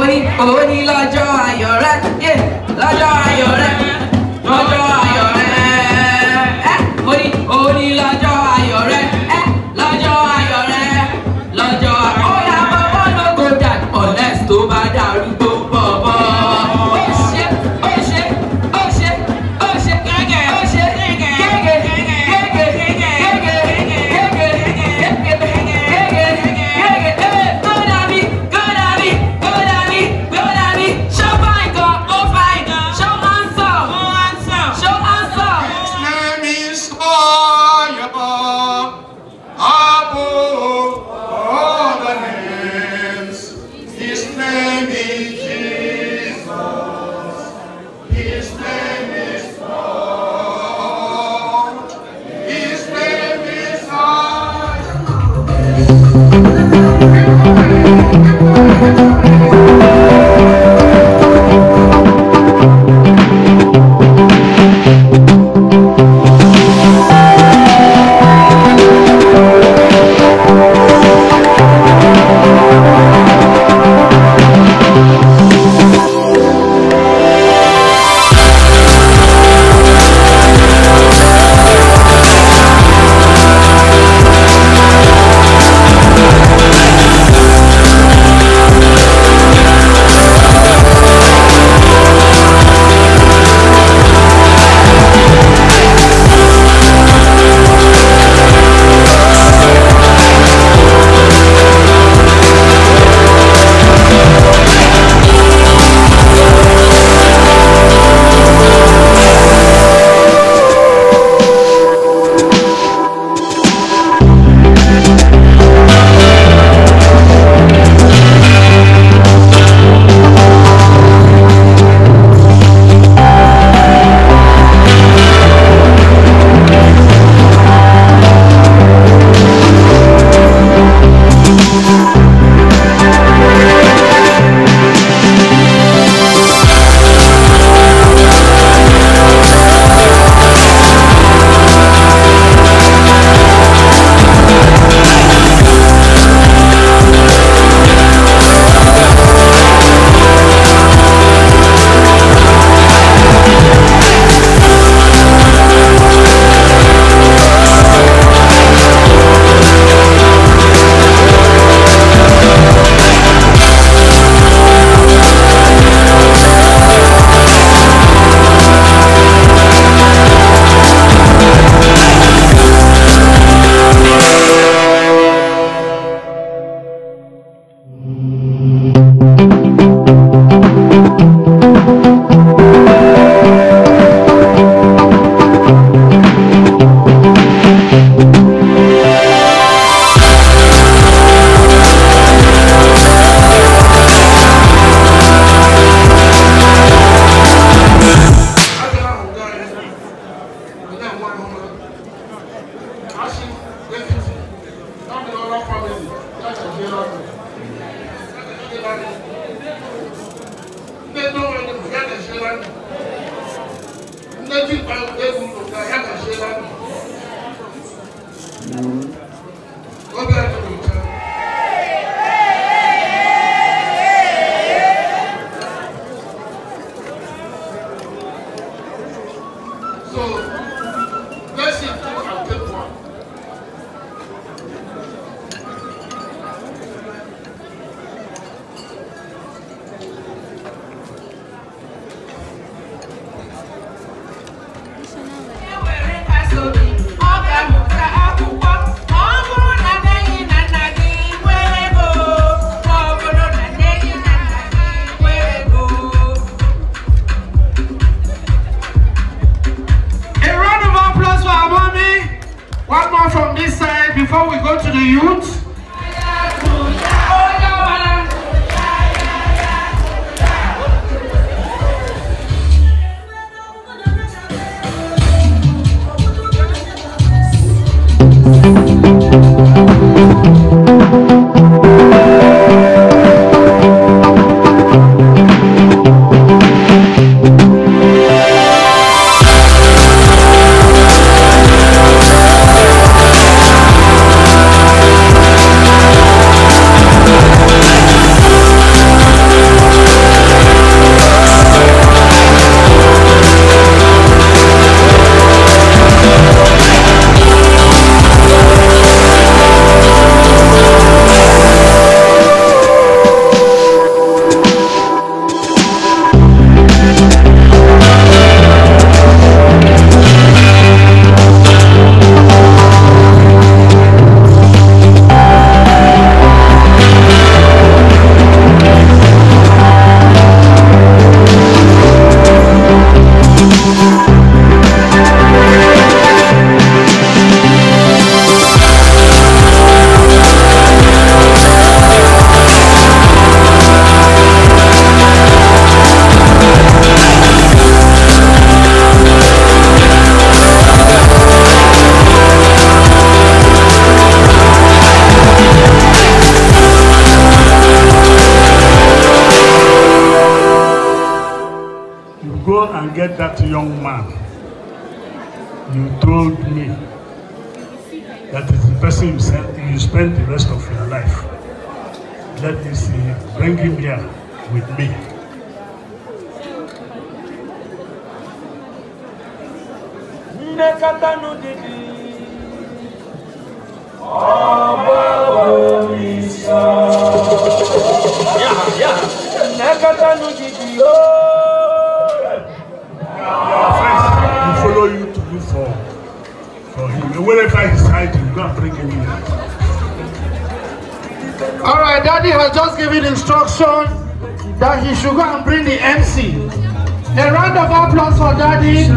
Money, oh, money, Lord, you're right, yeah. Lord, you're right. 嗯 rest of your life. Let me see him. Bring him here with me. Yeah, yeah. follow you to for, for him. Wherever he's hiding, go and bring him here. All right, Daddy has just given instruction that he should go and bring the MC. A round of applause for Daddy.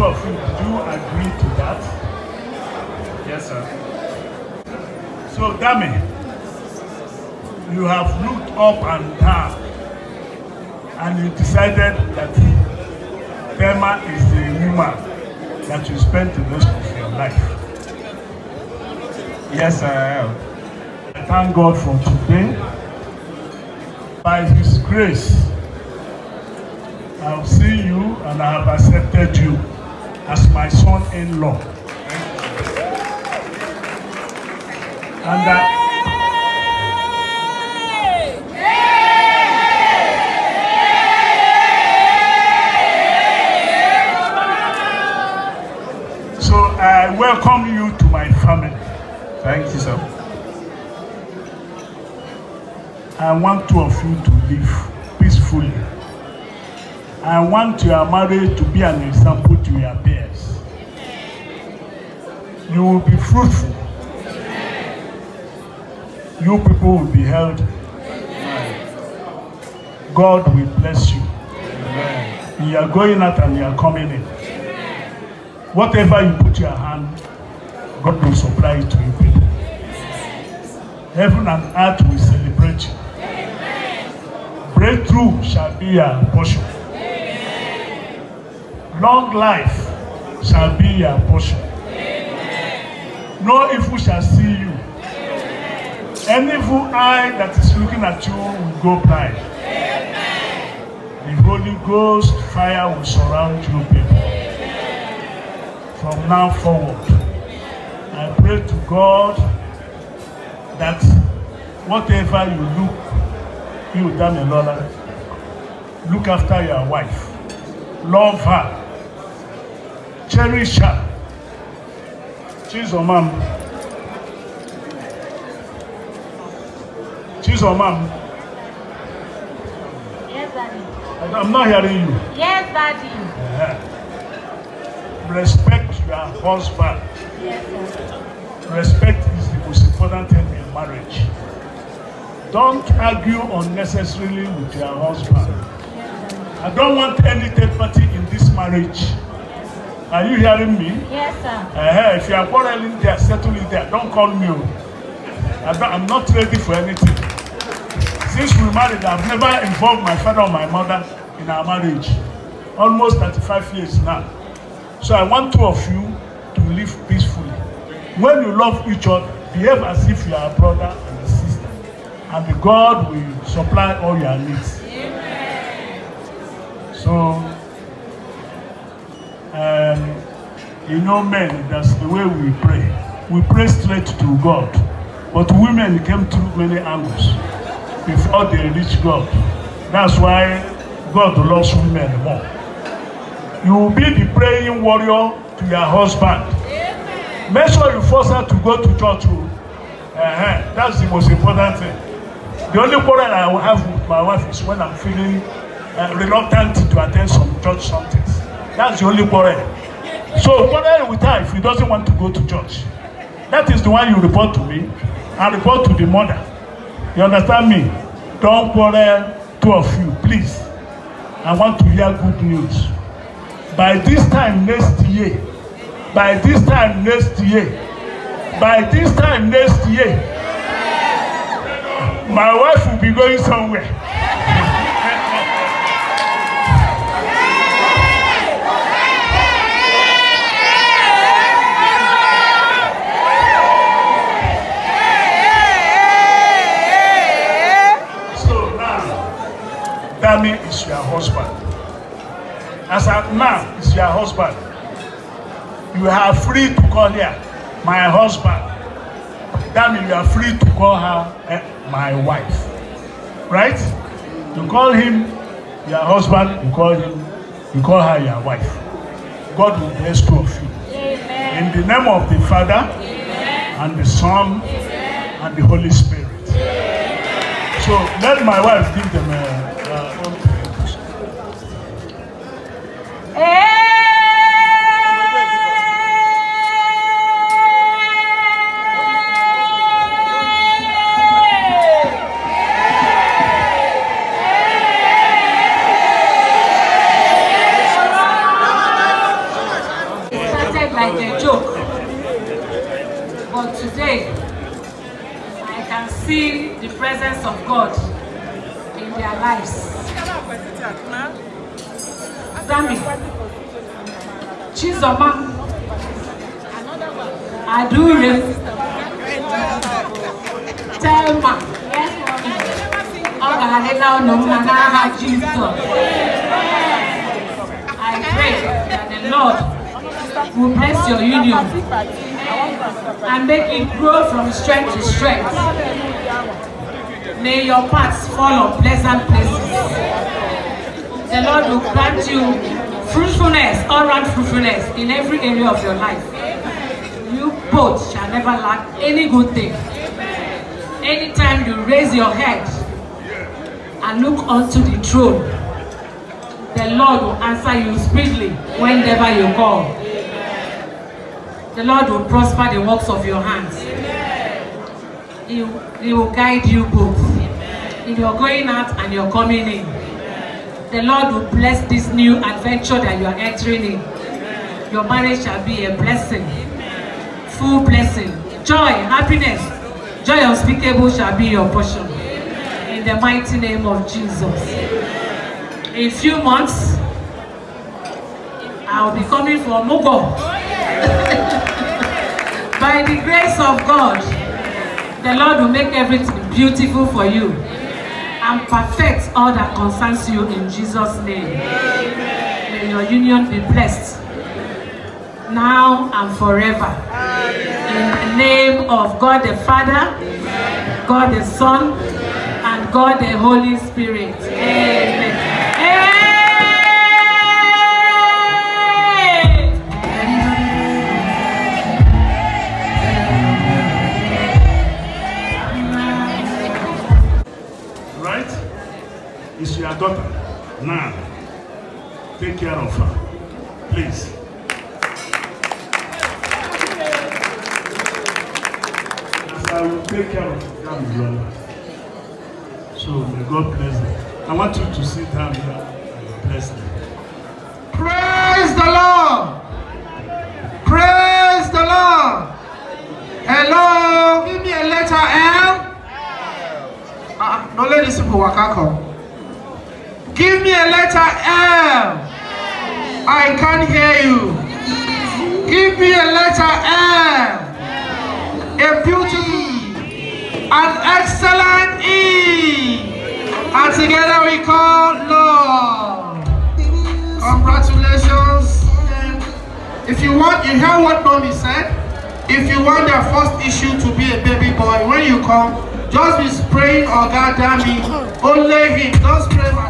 two of you do agree to that? Yes, sir. So, Dame, you have looked up and down and you decided that Tema is the woman that you spent the rest of your life. Yes, I am. I thank God for today. By His grace, I have seen you and I have accepted you as my son-in-law. And that So I welcome you to my family. Thank you, sir. I want two of you to live peacefully. I want your marriage to be an example to your people. You will be fruitful. You people will be held. God will bless you. You are going out and you are coming in. Whatever you put your hand, God will supply it to you people. Heaven and earth will celebrate you. Breakthrough shall be your portion. Long life shall be your portion no evil shall see you. Amen. Any evil eye that is looking at you will go blind. The Holy Ghost fire will surround you people. Amen. From now forward, I pray to God that whatever you look, you Damilola, look after your wife, love her, cherish her, Chizomam. Chizomam. Yes, Daddy. I'm not hearing you. Yes, Daddy. Yeah. Uh-huh. Respect your husband. Yes, Daddy. Respect is the most important thing in marriage. Don't argue unnecessarily with your husband. Yes, I don't want any third party in this marriage. Are you hearing me? Yes, sir. Uh If you are quarreling there, settle it there. Don't call me. Oh. I'm not ready for anything. Since we married, I've never involved my father or my mother in our marriage. Almost 35 years now. So I want two of you to live peacefully. When you love each other, behave as if you are a brother and a sister. And God will supply all your needs. Amen. So You know, men, that's the way we pray. We pray straight to God. But women came through many angles before they reach God. That's why God loves women more. You will be the praying warrior to your husband. Amen. Make sure you force her to go to church. Oh. Uh-huh. That's the most important thing. The only quarrel I have with my wife is when I'm feeling uh, reluctant to attend some church something. That's the only quarrel. So quarrel with her if he doesn't want to go to church. That is the one you report to me and report to the mother. You understand me? Don't quarrel, two of you, please. I want to hear good news. By this time next year, by this time next year, by this time next year, my wife will be going somewhere. your husband. As at now, is your husband. You are free to call her, my husband. That means you are free to call her, eh, my wife. Right? You call him your husband, you call him, you call her your wife. God will bless two of you. Amen. In the name of the Father, Amen. and the Son, Amen. and the Holy Spirit. So let my wife give them a see the presence of God in their lives. Zami, Chizoma, Adure, Telma, Ogalela Onomanaha Jesus. I pray that the Lord will bless your union and make it grow from strength to strength. May your paths fall on pleasant places. The Lord will grant you fruitfulness, all round fruitfulness in every area of your life. You both shall never lack any good thing. Anytime you raise your head and look unto the throne, the Lord will answer you speedily whenever you call. The Lord will prosper the works of your hands. He, he will guide you both in your going out and your coming in. The Lord will bless this new adventure that you are entering in. Amen. Your marriage shall be a blessing, Amen. full blessing. Joy, happiness, joy unspeakable shall be your portion. Amen. In the mighty name of Jesus. Amen. In a few months, I'll be coming for Mugo. Oh, yeah. By the grace of God, the Lord will make everything beautiful for you. and perfect all that concerns you in Jesus' name. Amen. May your union be blessed now and forever. Amen. In the name of God the Father, Amen. God the Son, and God the Holy Spirit. Amen. daughter now take care of her please. as I will take care of that with your life so may God bless them I want you to sit down here and bless them. Praise the Lord. Praise the Lord. Hello, give me a letter L. Ah, no, ladies, people, waka come. Give me a letter L. I can't hear you. Give me a letter L. A beauty, an excellent E. And together we call Lord. Congratulations. If you want, you hear what mommy said. If you want your first issue to be a baby boy, when you come, just be spraying or God damn me, only him, spray pray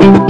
thank you